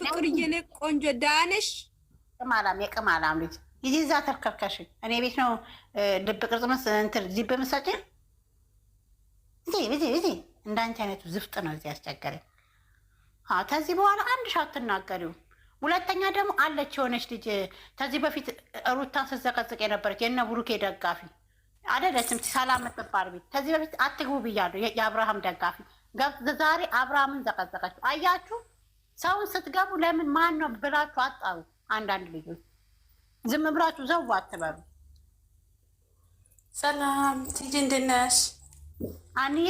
ፍቅር ነይ ቆንጆ ዳነሽ ቅማላም የቅማላም ልጅ ይዚ እዛ ተርከርከሽ እኔ ቤት ነው ልብ ቅርጽ መስ እንትን ዚብ መሳጭ እዚ እዚ እዚ እንዳንቺ አይነቱ ዝፍጥ ነው እዚህ ያስቸገረኝ። ከዚህ በኋላ አንድ ሻ አትናገሪው። ሁለተኛ ደግሞ አለች የሆነች ልጅ ከዚህ በፊት ሩታን ስዘቀዝቅ የነበረች የነ ብሩኬ ደጋፊ አይደለችም ሰላም የምትባል ቤት ከዚህ በፊት አትግቡ ብያለሁ። የአብርሃም ደጋፊ ዛሬ አብርሃምን ዘቀዘቀችው። አያችሁ? ሰውን ስትገቡ ለምን ማን ነው ብላችሁ አጣሩ። አንዳንድ ልጆች ዝም ብላችሁ ዘው አትበሉ። ሰላም ትጂ፣ እንዴት ነሽ? አንዬ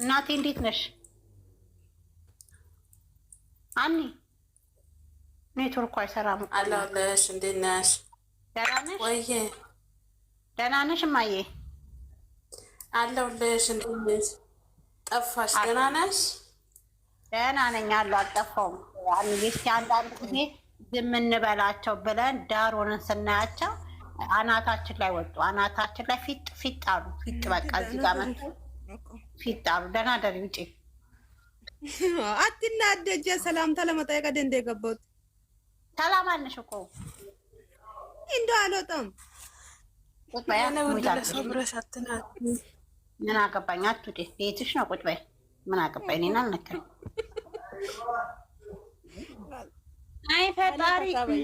እናቴ እንዴት ነሽ? አኒ ኔትወርኩ አይሰራም አለሁልሽ። እንዴት ነሽ? ደህና ነሽ? ወይዬ ደህና ነሽ እማዬ? አለሁልሽ። እንዴት ነሽ? ጠፋሽ። ደህና ነሽ? ደህና ነኝ አሉ አልጠፋውም። እስኪ አንዳንድ ጊዜ ዝም እንበላቸው ብለን ዳሩንን ስናያቸው አናታችን ላይ ወጡ። አናታችን ላይ ፊጥ ፊጥ አሉ። ፊጥ በቃ እዚህ ጋር መጡ፣ ፊጥ አሉ። ደህና ደሪ ውጪ አደጀ ሰላምታ ለመጠየቅ ደንደ የገባሁት ሰላም አለሽ እኮ እንደ አልወጣም። ቁጭ ምን አገባኝ አትውጪ። ቤትሽ ነው ቁጭ በይ ምን አገባኝ እኔን አልነካኝ አይ ፈጣሪ አትበሉ።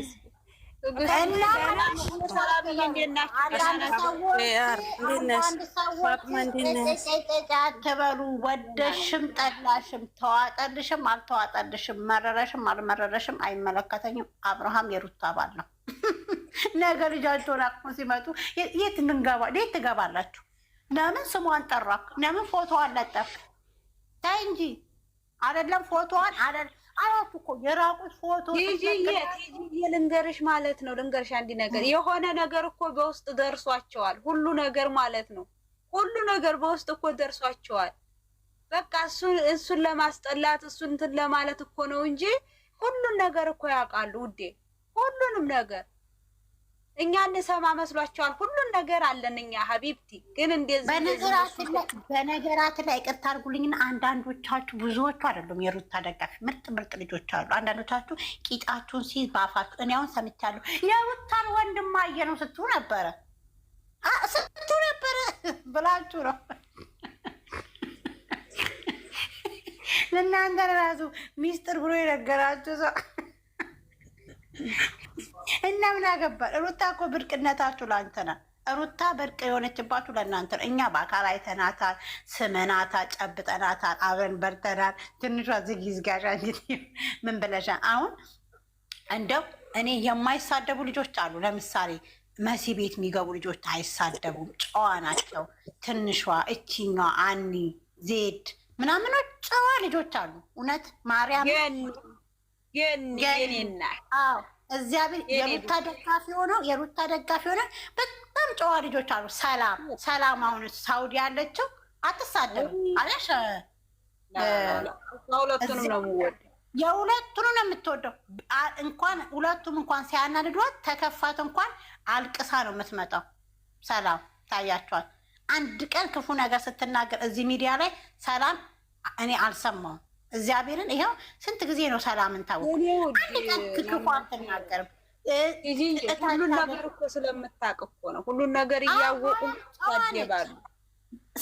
ወደሽም ጠላሽም ተዋጠልሽም አልተዋጠልሽም መረረሽም አልመረረሽም አይመለከተኝም። አብርሃም የሩታ ባል ነው። ነገ ልጃቸውን አቅፎ ሲመጡ የት ትገባላችሁ? ለምን ስሟን ጠራክ? ለምን ፎቶ አለጠፍክ? ታይ እንጂ አይደለም ፎቶዋን አይደል አራት እኮ የራቁት ፎቶ ልንገርሽ ማለት ነው። ልንገርሽ አንድ ነገር የሆነ ነገር እኮ በውስጥ ደርሷቸዋል። ሁሉ ነገር ማለት ነው። ሁሉ ነገር በውስጥ እኮ ደርሷቸዋል። በቃ እሱን ለማስጠላት እሱ እንትን ለማለት እኮ ነው እንጂ ሁሉን ነገር እኮ ያውቃሉ ውዴ፣ ሁሉንም ነገር እኛ እንሰማ መስሏቸዋል። ሁሉን ነገር አለን እኛ ሀቢብቲ ግን እንደዚህ በነገራችን ላይ ይቅርታ አድርጉልኝና አንዳንዶቻችሁ ብዙዎቹ አይደሉም የሩታ ደጋፊ ምርጥ ምርጥ ልጆች አሉ። አንዳንዶቻችሁ ቂጣችሁን ሲይዝ ባፋችሁ እኔ አሁን ሰምቻለሁ የሩታን ወንድም አየ ነው ስትሉ ነበረ ስትሉ ነበረ ብላችሁ ነው ለእናንተ ራሱ ሚስጥር ብሎ የነገራችሁ ሰው እና ምን አገባል? ሩታ እኮ ብርቅነታችሁ ለአንተ ነው። ሩታ ብርቅ የሆነችባችሁ ለእናንተ ነው። እኛ በአካል አይተናታል፣ ስመናታል፣ ጨብጠናታል፣ አብረን በርተናል። ትንሿ ዝጊዝጋዣ ምን ብለሻ አሁን እንደው እኔ የማይሳደቡ ልጆች አሉ። ለምሳሌ መሲ ቤት የሚገቡ ልጆች አይሳደቡም፣ ጨዋ ናቸው። ትንሿ እቺኛ አኒ ዜድ ምናምኖች ጨዋ ልጆች አሉ። እውነት ማርያም እግዚአብሔር የሩታ ደጋፊ ሆነው የሩታ ደጋፊ ሆነ በጣም ጨዋ ልጆች አሉ። ሰላም ሰላም፣ አሁን ሳውዲ ያለችው አትሳደብ አለሽ። ሁለቱንም ነው የምወደው፣ የሁለቱንም ነው የምትወደው። እንኳን ሁለቱም እንኳን ሲያናድዷት ተከፋት እንኳን አልቅሳ ነው የምትመጣው። ሰላም ታያቸዋል። አንድ ቀን ክፉ ነገር ስትናገር እዚህ ሚዲያ ላይ ሰላም እኔ አልሰማሁም። እግዚአብሔርን ይኸው ስንት ጊዜ ነው ሰላምን ታወቅ አንድ ቀን ክክፉ አትናገርም። ሁሉን ነገር እኮ ስለምታውቅ እኮ ነው። ሁሉን ነገር እያወቁ ባሉ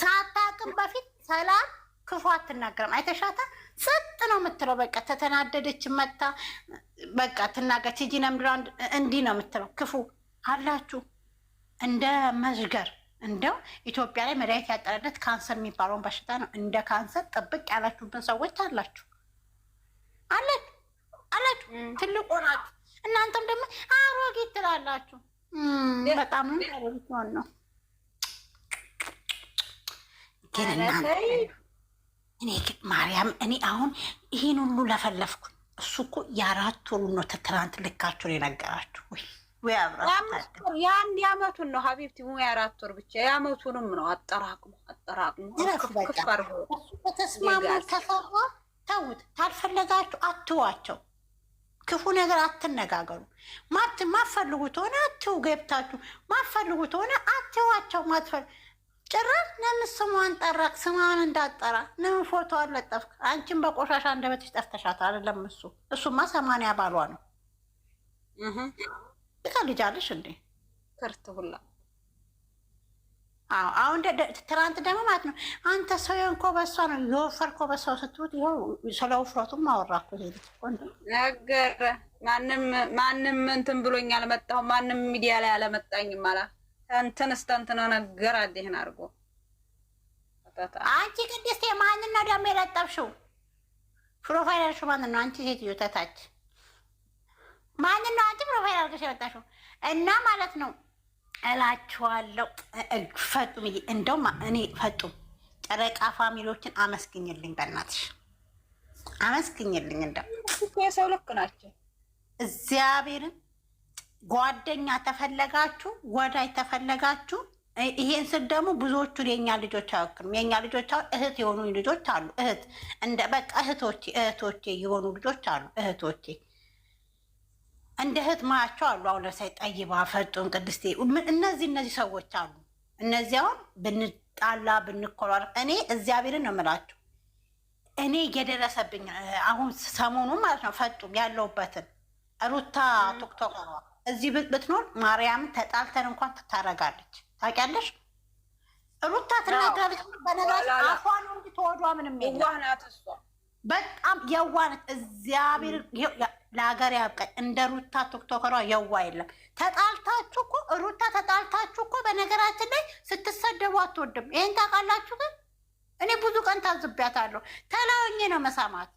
ሳታውቅም በፊት ሰላም ክፉ አትናገርም። አይተሻታ ጸጥ ነው የምትለው። በቃ ተተናደደች መታ በቃ ትናገር ቲጂ ነምድ እንዲህ ነው የምትለው። ክፉ አላችሁ እንደ መዥገር እንደው ኢትዮጵያ ላይ መድኃኒት ያጠረለት ካንሰር የሚባለውን በሽታ ነው። እንደ ካንሰር ጥብቅ ያላችሁብን ሰዎች አላችሁ አለን አላችሁ ትልቁ ናችሁ። እናንተም ደግሞ አሮጊት ትላላችሁ። በጣም ሆን ነው ግን እኔ ግን ማርያም እኔ አሁን ይህን ሁሉ ለፈለፍኩኝ። እሱ እኮ የአራት ወሩ ነው ትናንት ልካችሁን የነገራችሁ ወይ የአንድ የአመቱን ነው ሀቢብቲ ሙያ አራት ወር ብቻ የአመቱንም ነው አጠራቅሙ አጠራቅሙ ተስማሙ ተፈራ ተውት። ታልፈለጋችሁ አትዋቸው። ክፉ ነገር አትነጋገሩ። ማት ማፈልጉት ሆነ አትው ገብታችሁ ማፈልጉት ሆነ አትዋቸው። ማትፈል ጭራሽ ለምን ስሟን ጠራክ? ስሟን እንዳጠራ ለምን ፎቶ አለጠፍክ? አንቺን በቆሻሻ እንደበትሽ ጠፍተሻት አይደለም እሱ እሱማ ሰማንያ ባሏ ነው ይካ ልጅ አለሽ እንዴ? ከርት ሁላ አዎ። አሁን ትናንት ደግሞ ማለት ነው አንተ ሰው የሆንኮ በሷ ነው የወፈር የወፈርከው በሰው ስትሉት ይኸው ስለ ውፍረቱም አወራኩ። ነገር ማንም ማንም እንትን ብሎኝ አልመጣሁም። ማንም ሚዲያ ላይ አለመጣኝም። አላ እንትን እስተንትን ነገር አዲህን አድርጎ አንቺ ቅድስቴ ማንን ነው ደግሞ የለጠብሽው? ፕሮፋይለሽ ማንን ነው? አንቺ ሴትዮ ተታች ማንን ነው አንቺ ፕሮፋይል አድርገሽ የወጣሽው? እና ማለት ነው እላችኋለሁ። ፈጡም እንደውም እኔ ፈጡም ጨረቃ ፋሚሊዎችን አመስግኝልኝ፣ በእናትሽ አመስግኝልኝ። እንደው የሰው ልክ ናቸው። እግዚአብሔርን ጓደኛ ተፈለጋችሁ፣ ወዳጅ ተፈለጋችሁ። ይሄን ስል ደግሞ ብዙዎቹን የኛ ልጆች አይወክልም። የእኛ ልጆች አሁን እህት የሆኑ ልጆች አሉ። እህት እንደ በቃ እህቶቼ እህቶቼ የሆኑ ልጆች አሉ እህቶቼ እንደ እህት ማያቸው አሉ። አሁን ለምሳሌ ጠይባ፣ ፈጡን፣ ቅድስቴ እነዚህ እነዚህ ሰዎች አሉ። እነዚህ ብንጣላ ብንኮራር እኔ እግዚአብሔርን ነው የምላቸው። እኔ የደረሰብኝ አሁን ሰሞኑ ማለት ነው ፈጡም ያለውበትን ሩታ ቶክቶክ እዚህ ብትኖር ማርያም ተጣልተን እንኳን ትታረጋለች። ታውቂያለሽ ሩታ ትናገራለች። በነገራችን አፏን ነው እንጂ ተወዷ ምንም የለም። በጣም የዋን እግዚአብሔር ለሀገር ያብቃኝ። እንደ ሩታ ቶክቶከሯ የዋ የለም። ተጣልታችሁ እኮ ሩታ ተጣልታችሁ እኮ በነገራችን ላይ ስትሰደቡ አትወድም። ይህን ታውቃላችሁ። ግን እኔ ብዙ ቀን ታዝቢያታለሁ። ተለውኜ ነው መሳማት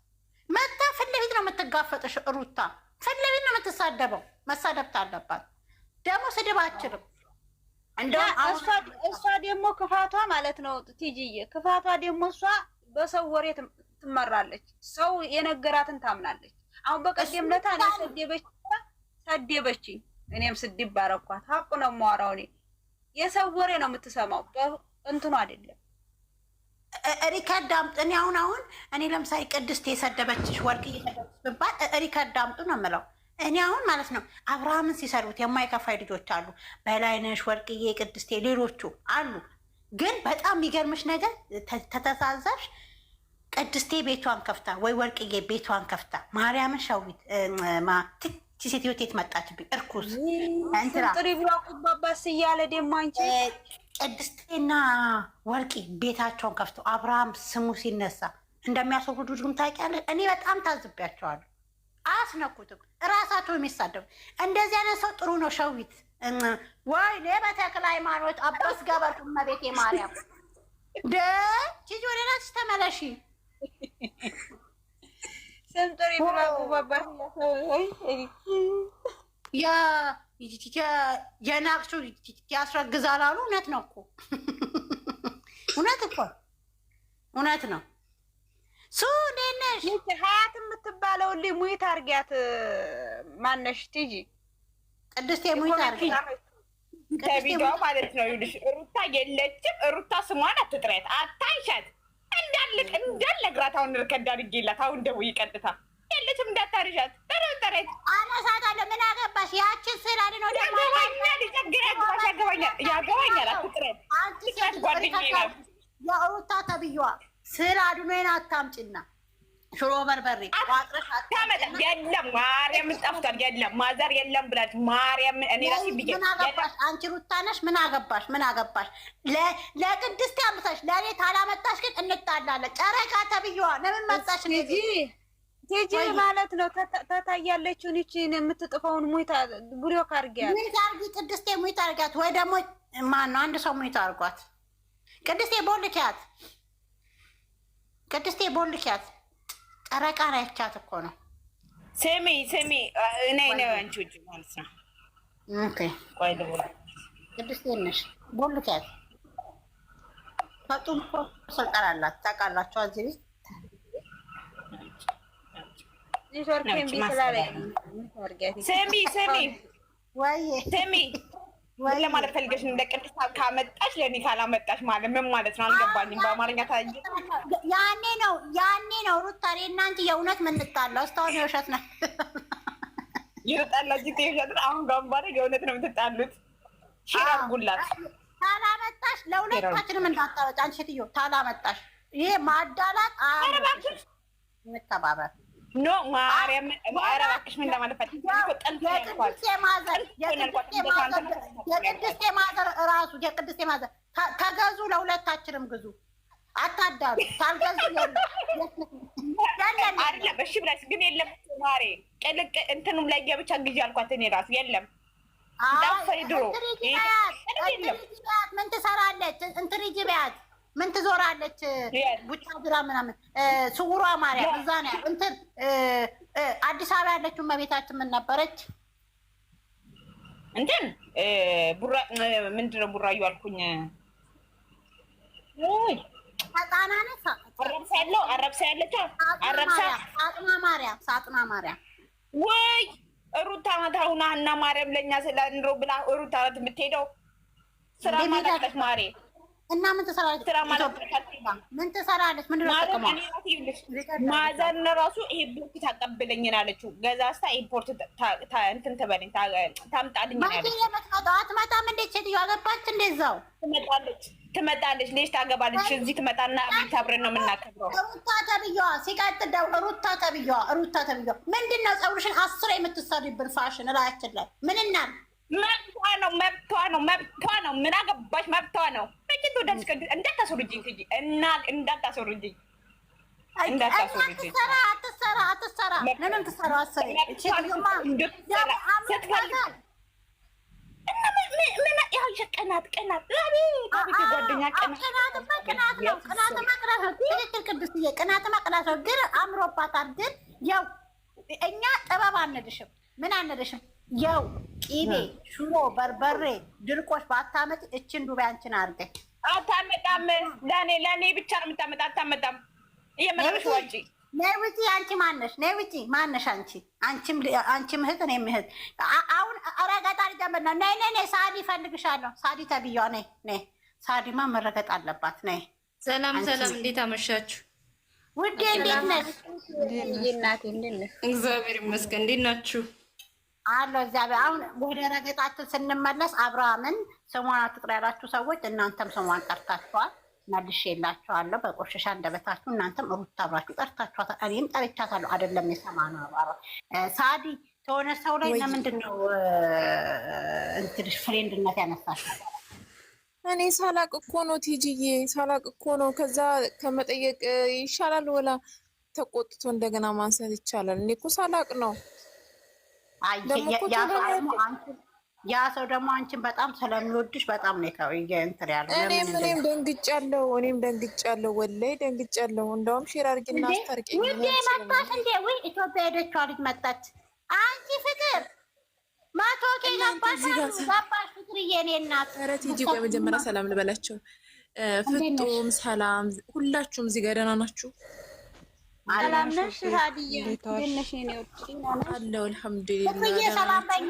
መታ ፊት ለፊት ነው የምትጋፈጥሽ። ሩታ ፊት ለፊት ነው የምትሳደበው። መሳደብት አለባት ደግሞ ስድብ አችልም። እሷ ደግሞ ክፋቷ ማለት ነው ቲጂዬ፣ ክፋቷ ደግሞ እሷ በሰው ወሬት ትመራለች። ሰው የነገራትን ታምናለች። አሁን በቀደም ለታ እኔ ሰደበች ሰደበችኝ፣ እኔም ስድብ ባረኳት። ሀቁ ነው የማወራው። እኔ የሰው ወሬ ነው የምትሰማው፣ እንትኑ አይደለም። ሪከርድ አምጡ። እኔ አሁን አሁን እኔ ለምሳሌ ቅድስት የሰደበችሽ ወርቅ እየሰደበች ብባል ሪከርድ አምጡ ነው የምለው። እኔ አሁን ማለት ነው አብርሃምን ሲሰሩት የማይከፋይ ልጆች አሉ፣ በላይነሽ ወርቅዬ፣ ቅድስቴ፣ ሌሎቹ አሉ። ግን በጣም የሚገርምሽ ነገር ተተሳዛሽ ቅድስቴ ቤቷን ከፍታ ወይ ወርቅዬ ቤቷን ከፍታ ማርያምን ሸዊት ሴትዮ ቴት መጣችብኝ። እርኩስ ጥሪ ብሎ እያለ ደሞ አንቺ ቅድስቴና ወርቂ ቤታቸውን ከፍተው አብርሃም ስሙ ሲነሳ እንደሚያስወግዱ ድግም ታውቂያለሽ። እኔ በጣም ታዝቢያቸዋለሁ። አያስነኩትም። እራሳቸው የሚሳደቡ እንደዚህ አይነት ሰው ጥሩ ነው። ሸዊት ወይ ኔ በተክለ ሃይማኖት አባስ ገበርኩ መቤቴ ማርያም ደ ቺጅ ወደ ናች ተመለሺ የናቅሱ ያስረግዛል አሉ። እውነት ነው እኮ እውነት እኮ እውነት ነው። ሱ እንዴት ነሽ ሀያት የምትባለው ል ሙይት አድርጊያት። ማነሽ ቲጂ ቅድስት ሙይት አድርጊያት ከቪዲዮ ማለት ነው። ይኸውልሽ ሩታ የለችም። ሩታ ስሟን አትጥረት፣ አታንሻት እንዳለ እንዳለ እግራት አሁን እርከድ አድርጌላት አሁን ደውዬ ቀጥታ የለችም እንዳታርሻት ጠረጠረት አነሳታለሁ። ምን አገባሽ? ያችን ስላልን ወደ ያገባኛል ያገባኛል ያገባኛል አትጥረት ትጥረት ጓደኛዬ የሩታ ተብዬዋ ስራ አድሜን አታምጭና ሽሮ በርበሬ ታመጣ የለም። ማርያም ጠፍቷል። የለም ማዘር የለም ብላች ማርያም እኔ ራሴ ብዬ ምን አገባሽ አንቺ ሩታ ነሽ። ምን አገባሽ? ምን አገባሽ? ለቅድስት ያምሳሽ ለእኔ ታላመጣሽ እንጣላለን። ጨረቃ ተብዬዋ ለምን መጣሽ? ቲጂ ማለት ነው የምትጥፈውን ሙይታ ሙይታ ቅድስቴ፣ ሙይታ ወይ ደግሞ አንድ ሰው ሙይታ ቅድስቴ ቦልኪያት፣ ቅድስቴ ቦልኪያት። ጨረቃ ናያቻት እኮ ነው። ሴሚ ሴሚ፣ እኔ ነው አንቺ ማለት ነው። ኦኬ፣ ቆይ ልቦላ። ቅድስቴ ነሽ ቦልኪያት ፈጡም እኮ ስልጣን አላት ታውቃላችሁ። እዚህ ቤት ስሚ ስሚ ስሚ ወይ ለማለት ፈልገሽ እንደ ቅድስት ካመጣሽ ለእኔ ካላመጣሽ ማለት ምን ማለት ነው? አልገባኝም። በአማርኛ ታየ ያኔ ነው ያኔ ነው ሩታ እናንቺ የእውነት ምንጣለው እስካሁን የውሸት ነው ይጣላ ጊዜ ውሸት አሁን ጋንባረ የእውነት ነው የምትጣሉት ሽራጉላት ታላመጣሽ ለሁለታችንም እንዳታወጭ። አንቺ ትዮ ታላመጣሽ፣ ይሄ ማዳላት የምተባበር ኖ ማርያም እባክሽ ምን ለማለት የቅድስቴ ማዘር እራሱ የቅድስቴ ማዘር ተገዙ፣ ለሁለታችንም ግዙ። አታዳሉ። ታልገዙ የለም አይደለም። እሺ ብለሽ ግን የለም ማሬ፣ ቅልቅ እንትኑም ለየብቻ ግዢ አልኳት እኔ እራሱ የለም ጠፋኝ ድሮ ምን ትሰራለች? እንትን ሂጂ በያት ምን ትዞራለች? ቡታጅራ ምናምን ስውሯ ማርያም እዛ ነው እንትን አዲስ አበባ ያለችው መቤታችን ምን ነበረች? እንትን ምንድን ነው ቡራዩ አልኩኝ። አረብሳ ያለው አረብሳ ያለችው አረብሳ ሳጥና ማርያም ሳጥና ማርያም ወይ ሩታ አሁን እና ማርያም ለእኛ ስለ ኑሮ ብላ ሩታ የምትሄደው ስራ ማለበት ማሬ እና ምን ትሰራለች? ስራ ምን ትሰራለች? ምንድን ነው ማዘርን ራሱ ይሄ ብርክ ታቀብለኝን አለችው። ገዛስታ ኢምፖርት እንትን ትበለኝ ታምጣልኝ አለች። አትመጣም እንዴት ሴትዮዋ ገባች? እንደዛው ትመጣለች ትመጣለች፣ ልጅ ታገባለች። እዚህ ትመጣና ቤት አብረን ነው የምናከብረው። ሩታ ተብዬዋ ሲቀጥል ደግሞ ሩታ ተብዬዋ ሩታ ተብዬዋ ምንድን ነው ፀጉርሽን አስር የምትሰሪብን ፋሽን እላያችን ላይ ምንናል? መብቷ ነው መብቷ ነው መብቷ ነው። ምን አገባሽ? መብቷ ነው። መጭቶ ደስ ቅዱስ ትጂ እና እንዳታስወርጅኝ እንዳታስወርጅኝ። አትሰራ አትሰራ ምንም ምን ቅናት ቅናት ቅናት ቅናት ነው። ነው። ግን አምሮባታል። ግን ያው እኛ ጥበብ አንልሽም፣ ምን አንልሽም። ያው ቂቤ፣ ሽሮ፣ በርበሬ፣ ድርቆሽ በአታመጭ እችን ዱባይ አንቺን አድርገሽ አታመጣም። ለእኔ ለእኔ ብቻ ነው የምታመጣ። አታመጣም። እየመረሽ ወጪ ነይ ውጪ አንቺ ማነሽ? ነይ ውጪ ማነሽ? አንቺ አንቺም አንቺም እህት እኔም እህት። አሁን ረገጣ ሊጀምር ነው። ነይ ነይ ነይ፣ ሳዲ እፈልግሻለሁ። ሳዲ ተብዬዋ ነይ ነይ። ሳዲማ መረገጥ አለባት። ነይ። ሰላም ሰላም፣ እንዴት አመሻችሁ ውዴ? እንዴት ነሽ? እግዚአብሔር ይመስገን። እንዴት ናችሁ? አለሁ እግዚአብሔር። አሁን ወደ ረገጣችን ስንመለስ አብርሃምን ስሟን አትጥራ ያላችሁ ሰዎች እናንተም ስሟን ጠርታችኋል። መልሼ የላቸዋለሁ። በቆሻሻ እንደበታችሁ እናንተም ሩት አብራችሁ ጠርታችኋታ፣ እኔም ጠርቻታለሁ። አይደለም የሰማ ነው አባራ ሳዲ ከሆነ ሰው ላይ ለምንድን ነው እንትንሽ ፍሬንድነት ያነሳሽ? እኔ ሳላቅ እኮ ነው ቲጂዬ፣ ሳላቅ እኮ ነው። ከዛ ከመጠየቅ ይሻላል ወላ ተቆጥቶ እንደገና ማንሳት ይቻላል። እኔ እኮ ሳላቅ ነው ደግሞ ያ ሰው ደግሞ አንቺን በጣም ስለሚወድሽ በጣም ነው እንትን ያለው። እኔም እኔም ደንግጫለሁ፣ እኔም ደንግጫለሁ፣ ወላሂ ደንግጫለሁ። እንደውም ሼር አድርጊና አስታርቂኝ። ውዴ መጣች እንዴ? ወይ ኢትዮጵያ ሄደችዋ ልጅ መጣች። አንቺ ፍቅር ማቶኬ ገባሽ ገባሽ ፍቅርዬ፣ እየኔ እናት ረት ሂጂ። በመጀመሪያ ሰላም ልበላቸው። ፍጡም ሰላም፣ ሁላችሁም እዚህ ጋር ደህና ናችሁ? ሰላም ነሽ? ሀዲያ ነሽ? ኔዎች አለው። አልሐምዱሊላ ሰላም በኝ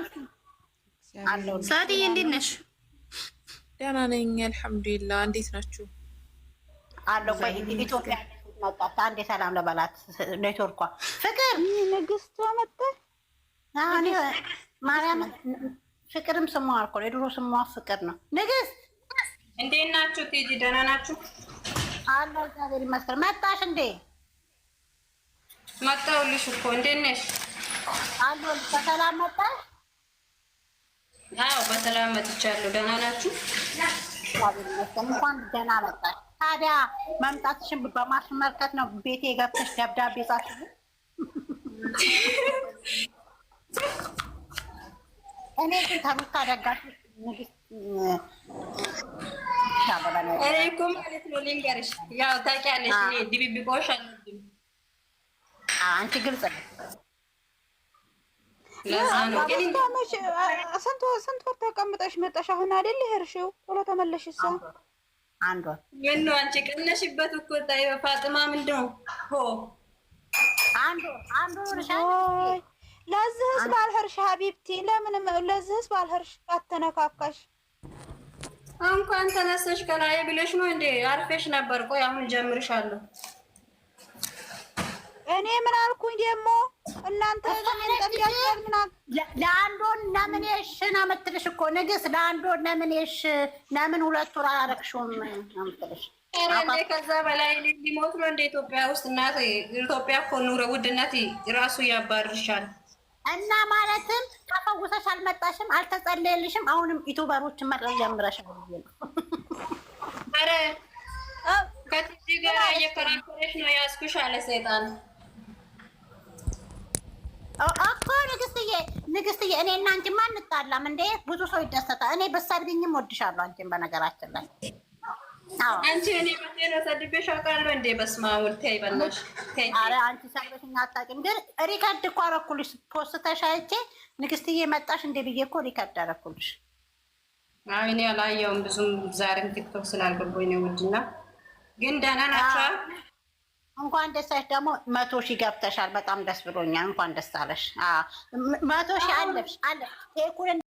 ሳዲዬ እንዴት ነሽ? ደህና ነኝ አልሐምዱሊላህ። እንዴት ናችሁ? አለው ቆይ ኢትዮጵያ መጣች። አንዴ ሰላም ለበላት ኔትወርኳ ፍቅር ንግስቷ መጣች። ማርያም ፍቅርም ስሟ አልኮ የድሮ ስሟ ፍቅር ነው። ንግስት እንዴት ናችሁ? ቴጂ ደህና ናችሁ? አለው እግዚአብሔር ይመስገን። መጣሽ እንዴ? መጣሁልሽ እኮ እንዴት ነሽ? አለው በሰላም መጣሽ? አዎ በሰላም መጥቻለሁ። ደህና ናችሁ? እንኳን ደህና መጣሽ። ታዲያ መምጣትሽን በማስመልከት ነው ቤቴ ገብተሽ ደብዳቤ ጻፍሽ? እኔ ግን ተሩታ ደጋፊ እኔ እኮ ማለት ነው ልንገርሽ፣ ያው ታውቂያለሽ፣ ድብብቆሽ አንቺ ግልጽ ነው ስንት ወር ተቀምጠሽ መጣሽ? አሁን አይደል ሄርሽው? ቶሎ ተመለሽ። እሷ አንዷ ምነው አንቺ ቀነሽበት እኮ ፋጥማ። ምንድነው ለዚህስ ባልሄርሽ ሀቢብቲ፣ ለምንም ለዚህስ ባልሄርሽ አተነካካሽ። እንኳን ተነሰሽ ከላይ ብለሽ ነው እንዴ? አርፌሽ ነበር። ቆይ አሁን ጀምርሻለሁ እኔ ምን አልኩኝ ደግሞ እናንተ ለአንድ ወር ነው የምትልሽ እኮ ንግስት፣ ለአንዶ ወር ለምን ሁለት ወር ከዛ በላይ ሊሞት ነው እንደ ኢትዮጵያ ውስጥ ኢትዮጵያ እኮ ኑሮ ውድነት ራሱ ያባርሻል። እና ማለትም ተፈውሰሽ አልመጣሽም፣ አልተጸለየልሽም። አሁንም ጀምረሻል ነው ኧረ ከትጅ ጋር እየከራከረሽ ነው አለ ሰይጣን እኮ ንግስትዬ ንግስትዬ፣ እኔ እና አንቺማ እንጣላም እንዴ? ብዙ ሰው ይደሰታል። እኔ በሳድግኝም ወድሻለሁ አንቺን። በነገራችን ላይ አንቺ እኔ በጤና ሰድቤሽ አውቃለሁ እንዴ? በስመ አብ ወልድ ተይ በላሽ። ኧረ አንቺ ሰድበሽኝ አታውቂም። ግን ሪከርድ እኮ አደረኩልሽ ፖስተሽ አይቼ ንግስትዬ መጣሽ እንዴ ብዬ እኮ ሪከርድ አደረኩልሽ። አይ እኔ አላየሁም ብዙም ዛሬም ቲክቶክ ስላልገባኝ ነው። ውድና ግን ደህና ናቸዋል እንኳን ደስ አለሽ። ደግሞ መቶ ሺህ ገብተሻል። በጣም ደስ ብሎኛል። እንኳን ደስ አለሽ። መቶ ሺህ አለ ኩን